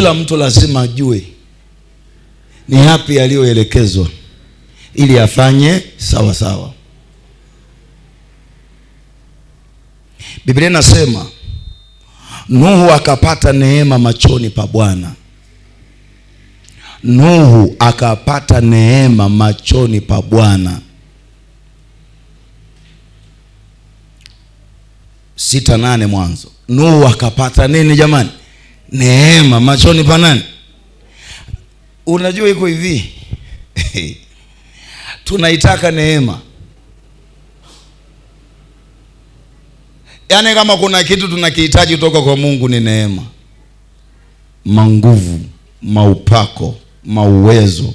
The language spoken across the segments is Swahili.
kila mtu lazima ajue ni yapi yaliyoelekezwa ili afanye sawa sawa. Biblia inasema Nuhu akapata neema machoni pa Bwana. Nuhu akapata neema machoni pa Bwana. sita nane Mwanzo. Nuhu akapata nini jamani? neema machoni pa nani? Unajua iko hivi tunaitaka neema. Yaani, kama kuna kitu tunakihitaji kutoka kwa Mungu ni neema, manguvu, maupako, mauwezo.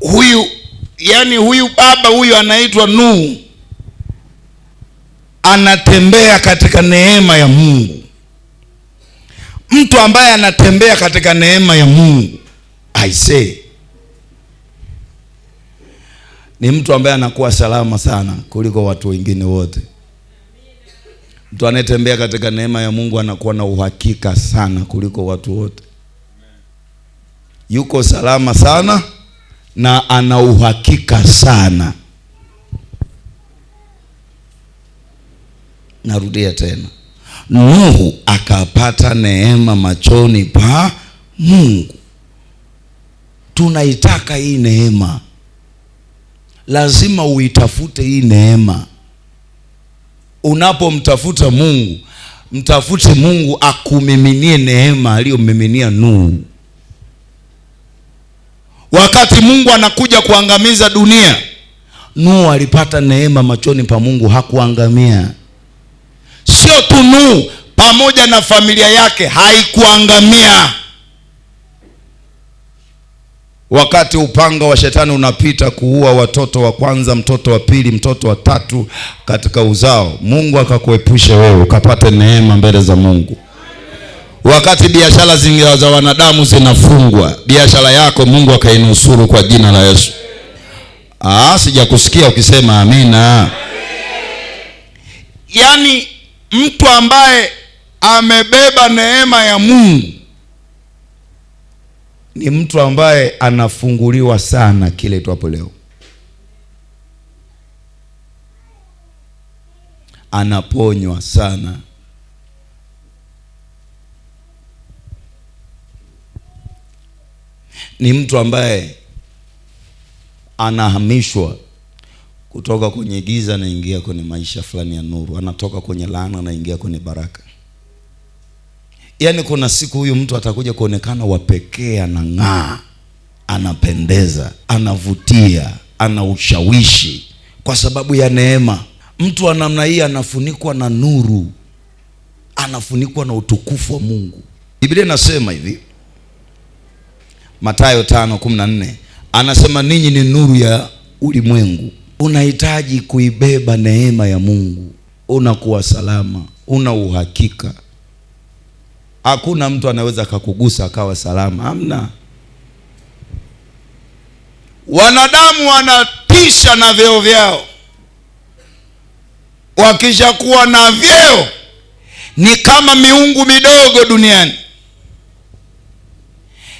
Huyu yani, huyu baba huyu anaitwa Nuhu anatembea katika neema ya Mungu. Mtu ambaye anatembea katika neema ya Mungu I say ni mtu ambaye anakuwa salama sana kuliko watu wengine wote. Mtu anayetembea katika neema ya Mungu anakuwa na uhakika sana kuliko watu wote, yuko salama sana na ana uhakika sana Narudia tena, Nuhu akapata neema machoni pa Mungu. Tunaitaka hii neema, lazima uitafute hii neema. Unapomtafuta Mungu, mtafute Mungu akumiminie neema aliyomiminia Nuhu. Wakati Mungu anakuja kuangamiza dunia, Nuhu alipata neema machoni pa Mungu, hakuangamia hiyo tu Nuhu pamoja na familia yake haikuangamia. Wakati upanga wa shetani unapita kuua watoto wa kwanza, mtoto wa pili, mtoto wa tatu katika uzao, Mungu akakuepushe wewe ukapate neema mbele za Mungu. Wakati biashara zingine za wanadamu zinafungwa, biashara yako Mungu akainusuru kwa jina la Yesu. Ah, sijakusikia ukisema amina. Yaani mtu ambaye amebeba neema ya Mungu ni mtu ambaye anafunguliwa sana kile twapo leo, anaponywa sana. Ni mtu ambaye anahamishwa kutoka kwenye giza anaingia kwenye maisha fulani ya nuru, anatoka kwenye laana anaingia kwenye baraka. Yaani kuna siku huyu mtu atakuja kuonekana wa pekee, anang'aa, anapendeza, anavutia, ana ushawishi kwa sababu ya neema. Mtu wa namna hii anafunikwa na nuru, anafunikwa na utukufu wa Mungu. Biblia inasema hivi, Mathayo 5:14 anasema ninyi ni nuru ya ulimwengu Unahitaji kuibeba neema ya Mungu, unakuwa salama, una uhakika. Hakuna mtu anaweza akakugusa akawa salama, hamna. Wanadamu wanatisha na vyeo vyao, wakishakuwa na vyeo ni kama miungu midogo duniani,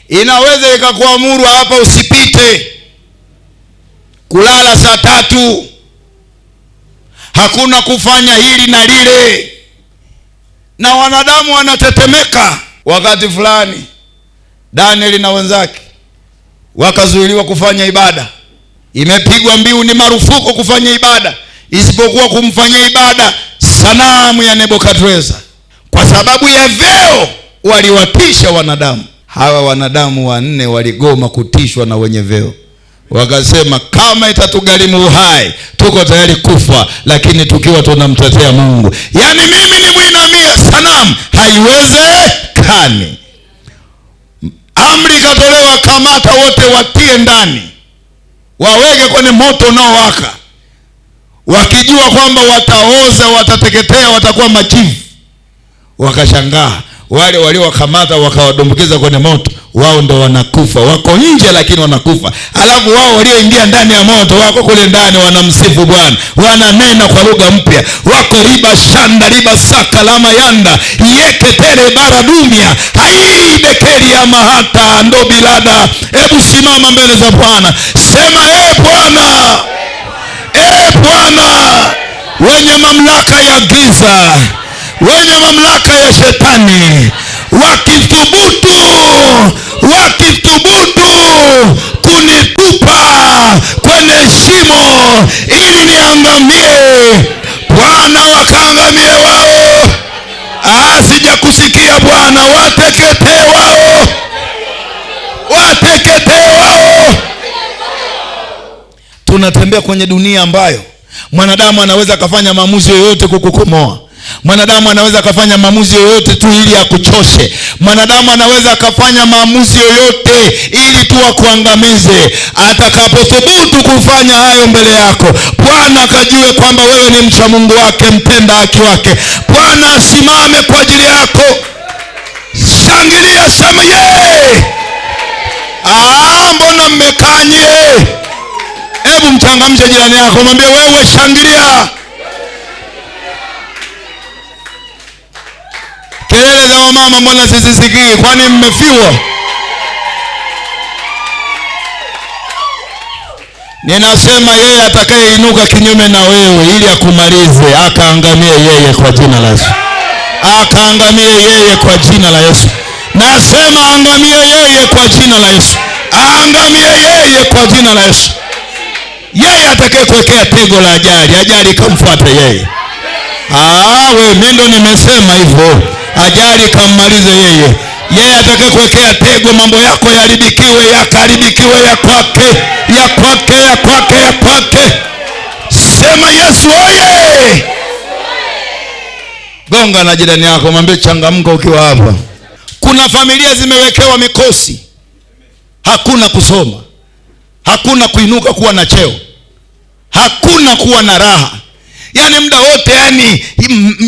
inaweza ikakuamuru hapa usipite kulala saa tatu, hakuna kufanya hili na lile, na wanadamu wanatetemeka. Wakati fulani Danieli na wenzake wakazuiliwa kufanya ibada. Imepigwa mbiu ni marufuku kufanya ibada isipokuwa kumfanyia ibada sanamu ya Nebukadreza, kwa sababu ya veo waliwatisha wanadamu. Hawa wanadamu wanne waligoma kutishwa na wenye veo. Wakasema kama itatugharimu uhai, tuko tayari kufa, lakini tukiwa tunamtetea Mungu. Yaani mimi nimwinamia sanamu, haiwezekani. Amri ikatolewa, kamata wote, watie ndani, waweke kwenye moto unaowaka, wakijua kwamba wataoza, watateketea, watakuwa machivu Wakashangaa, wale waliowakamata wakawadumbukiza kwenye moto, wao ndo wanakufa. Wako nje lakini wanakufa, alafu wao walioingia ndani ya moto wako kule ndani, wanamsifu Bwana, wananena kwa lugha mpya, wako riba shanda riba saka lama yanda yeketere bara dumia hai bekeri ya mahata ndo bilada. Hebu simama mbele za Bwana, sema e Bwana, e Bwana, wenye mamlaka ya giza wenye mamlaka ya shetani wakithubutu, wakithubutu kunitupa kwenye shimo ili niangamie, Bwana wakaangamie wao. Asijakusikia Bwana, wateketee wao, wateketee wao. Tunatembea kwenye dunia ambayo mwanadamu anaweza akafanya maamuzi yoyote kukukomoa Mwanadamu anaweza akafanya maamuzi yoyote tu ili akuchoshe. Mwanadamu anaweza akafanya maamuzi yoyote ili tu akuangamize. Atakapothubutu kufanya hayo mbele yako, Bwana akajue kwamba wewe ni mcha Mungu wake, mpenda haki wake. Bwana asimame kwa ajili yako. Shangilia, sema yeye! Ah, mbona mmekanye? Hebu mchangamshe jirani yako, mwambie wewe, shangilia Akina mama, mbona sizisikii? Kwani mmefiwa? Ninasema yeye atakayeinuka kinyume na wewe ili akumalize, akaangamie yeye kwa jina la Yesu, akaangamie yeye kwa jina la Yesu. Nasema angamie yeye kwa jina la Yesu, angamie yeye kwa jina la Yesu. Yeye atakayekuwekea pigo la ajali, ajali ikamfuate yeye. Ah, wewe mimi ndo nimesema hivyo ajali kammalize yeye. Yeye atakaye kuwekea tego, mambo yako yaharibikiwe, yakaharibikiwe, ya kwake, ya kwake, ya kwake, ya kwake. Sema Yesu oye! Gonga na jirani yako, mwambie changamka ukiwa hapa. Kuna familia zimewekewa mikosi, hakuna kusoma, hakuna kuinuka kuwa na cheo, hakuna kuwa na raha yani muda wote yani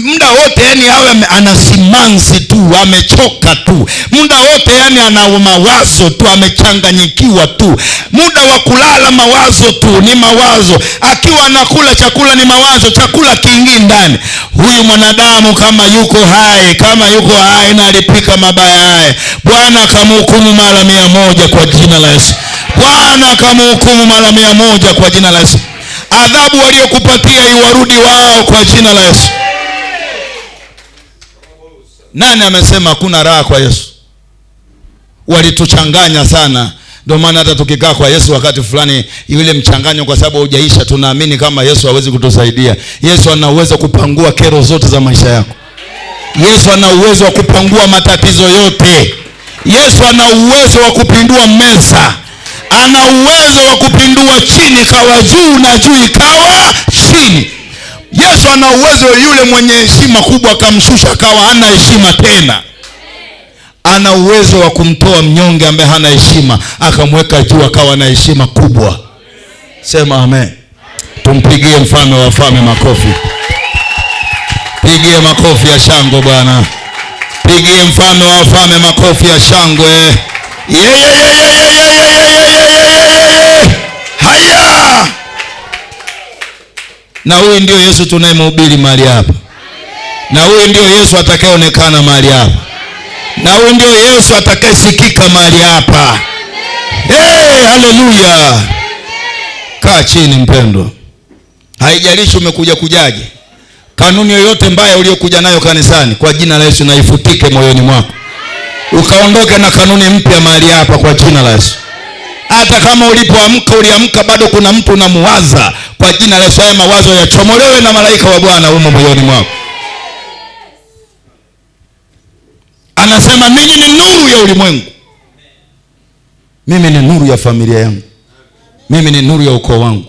muda wote yani awe anasimanzi tu amechoka tu muda wote yani ana mawazo tu amechanganyikiwa tu muda wa kulala mawazo tu ni mawazo akiwa anakula chakula ni mawazo chakula kiingii ndani huyu mwanadamu kama yuko hai kama yuko hai na alipika mabaya haya bwana akamhukumu mara mia moja kwa jina la yesu bwana akamhukumu mara mia moja kwa jina la yesu adhabu waliokupatia iwarudi wao kwa jina la Yesu. Nani amesema hakuna raha kwa Yesu? Walituchanganya sana. Ndio maana hata tukikaa kwa Yesu wakati fulani, yule mchanganyo, kwa sababu haujaisha, tunaamini kama Yesu hawezi kutusaidia. Yesu ana uwezo kupangua kero zote za maisha yako. Yesu ana uwezo wa kupangua matatizo yote. Yesu ana uwezo wa kupindua meza ana uwezo wa kupindua chini kawa juu na juu ikawa chini. Yesu ana uwezo. Yule mwenye heshima kubwa akamshusha akawa hana heshima tena. Ana uwezo wa kumtoa mnyonge ambaye hana heshima akamweka juu akawa na heshima kubwa. Sema amen. Tumpigie mfalme wa wafalme makofi. Pigie makofi ya shangwe Bwana. Pigie mfalme wa wafalme makofi ya shangwe. Yeah. na huyu ndio Yesu tunayemhubiri mahali hapa, na huyu ndio Yesu atakayeonekana mahali hapa, na huyu ndio Yesu atakayesikika mahali hapa. Hey, haleluya! Kaa chini mpendwa, haijalishi umekuja kujaje, kanuni yoyote mbaya uliyokuja nayo kanisani kwa jina la Yesu naifutike moyoni mwako, ukaondoke na kanuni mpya mahali hapa kwa jina la Yesu. Hata kama ulipoamka uliamka bado kuna mtu unamuwaza kwa jina la Yesu. Haya mawazo yachomolewe na malaika wa Bwana humo moyoni mwako. Anasema mimi ni nuru ya ulimwengu, mimi ni nuru ya familia yangu, mimi ni nuru ya ukoo wangu,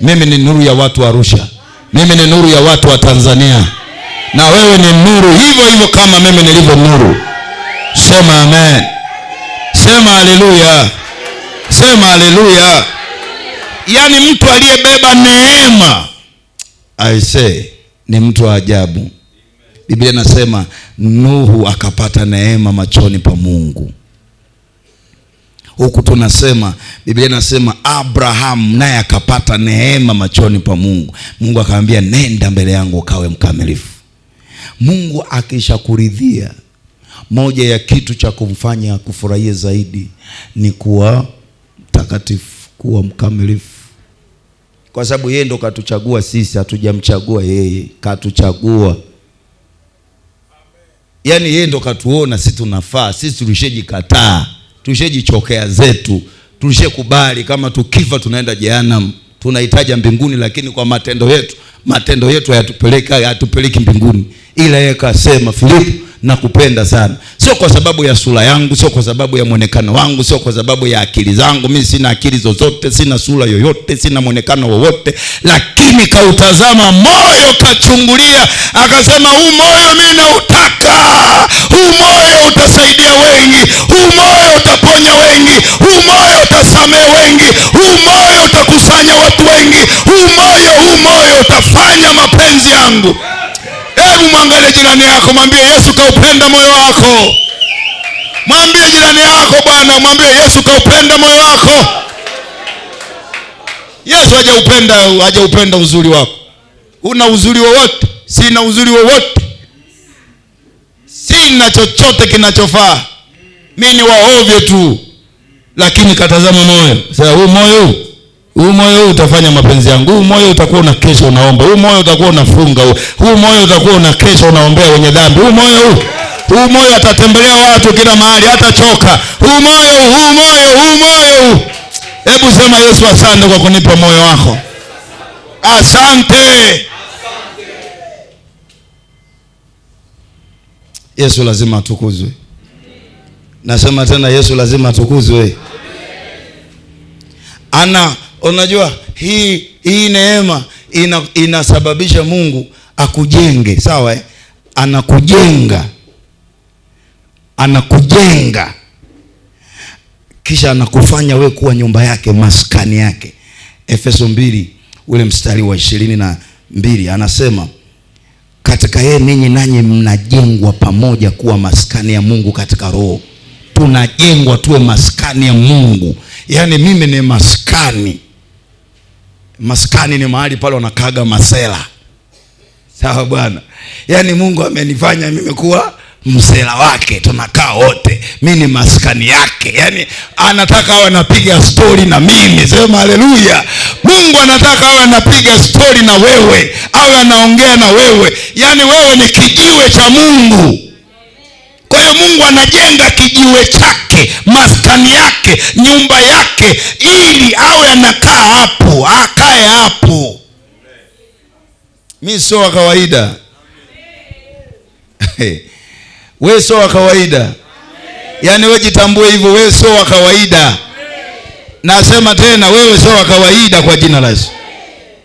mimi ni nuru ya watu wa Arusha, mimi ni nuru ya watu wa Tanzania, na wewe ni nuru hivyo hivyo kama mimi nilivyo nuru. Sema amen, sema haleluya. Sema haleluya! Yaani, mtu aliyebeba neema aise ni mtu wa ajabu. Biblia inasema Nuhu akapata neema machoni pa Mungu, huku tunasema Biblia inasema Abrahamu naye akapata neema machoni pa Mungu. Mungu akamwambia, nenda mbele yangu ukawe mkamilifu. Mungu akishakuridhia, moja ya kitu cha kumfanya kufurahia zaidi ni kuwa mtakatifu, kuwa mkamilifu, kwa sababu yeye ndo katuchagua sisi, hatujamchagua yeye, katuchagua. Yaani yeye ndo katuona sisi tunafaa. Sisi tulishejikataa, tulishejichokea zetu, kubali kama tukifa tunaenda jehanamu, tunahitaja mbinguni, lakini kwa matendo yetu, matendo yetu hayatupeleki mbinguni, ila yeye kasema Filipo, nakupenda sana, sio kwa sababu ya sura yangu, sio kwa sababu ya mwonekano wangu, sio kwa sababu ya akili zangu. Mimi sina akili zozote, sina sura yoyote, sina mwonekano wowote, lakini kautazama moyo, kachungulia, akasema huu moyo mimi nautaka, huu moyo utasaidia wengi, huu moyo utaponya wengi, huu moyo utasamehe wengi, huu moyo utakusanya watu wengi, huu moyo, huu moyo utafanya mapenzi yangu. Hebu mwangalie jirani yako, mwambie Yesu kaupenda moyo wako. Mwambie jirani yako bwana, mwambie Yesu kaupenda moyo wako. Yesu hajaupenda hajaupenda uzuri wako. Una uzuri wowote? Sina uzuri wowote, sina chochote kinachofaa, mi ni waovyo tu, lakini katazama moyo. Sasa huu moyo huu moyo utafanya mapenzi yangu, huu moyo utakuwa una kesho unaomba, huu moyo utakuwa unafunga, huu moyo utakuwa una kesho unaombea wenye dhambi, huu moyo huu huu moyo atatembelea watu kila mahali, choka. Huu moyo huu moyo huu moyo. Hebu sema Yesu, asante kwa kunipa moyo wako, asante, asante. Yesu lazima atukuzwe. Nasema tena Yesu lazima atukuzwe. Ana Unajua hii hii neema ina, inasababisha Mungu akujenge, sawa eh? Anakujenga, anakujenga kisha anakufanya we kuwa nyumba yake, maskani yake. Efeso mbili ule mstari wa ishirini na mbili anasema katika yeye ninyi nanyi mnajengwa pamoja kuwa maskani ya Mungu katika Roho. Tunajengwa tuwe maskani ya Mungu, yaani mimi ni maskani Maskani ni mahali pale wanakaga masela, sawa bwana. Yaani Mungu amenifanya mimi kuwa msela wake, tunakaa wote, mi ni maskani yake. Yaani anataka awe anapiga stori na mimi, sema haleluya. Mungu anataka awe anapiga stori na wewe, awe anaongea na wewe, yaani wewe ni kijiwe cha Mungu. Kwa hiyo Mungu anajenga kijiwe chake, maskani yake, nyumba yake, ili awe anakaa hapo aka naye hapo. Mi sio wa kawaida, we sio wa kawaida, yaani wejitambue jitambue hivyo, wewe sio wa kawaida. Nasema tena, wewe sio wa kawaida kwa jina la Yesu.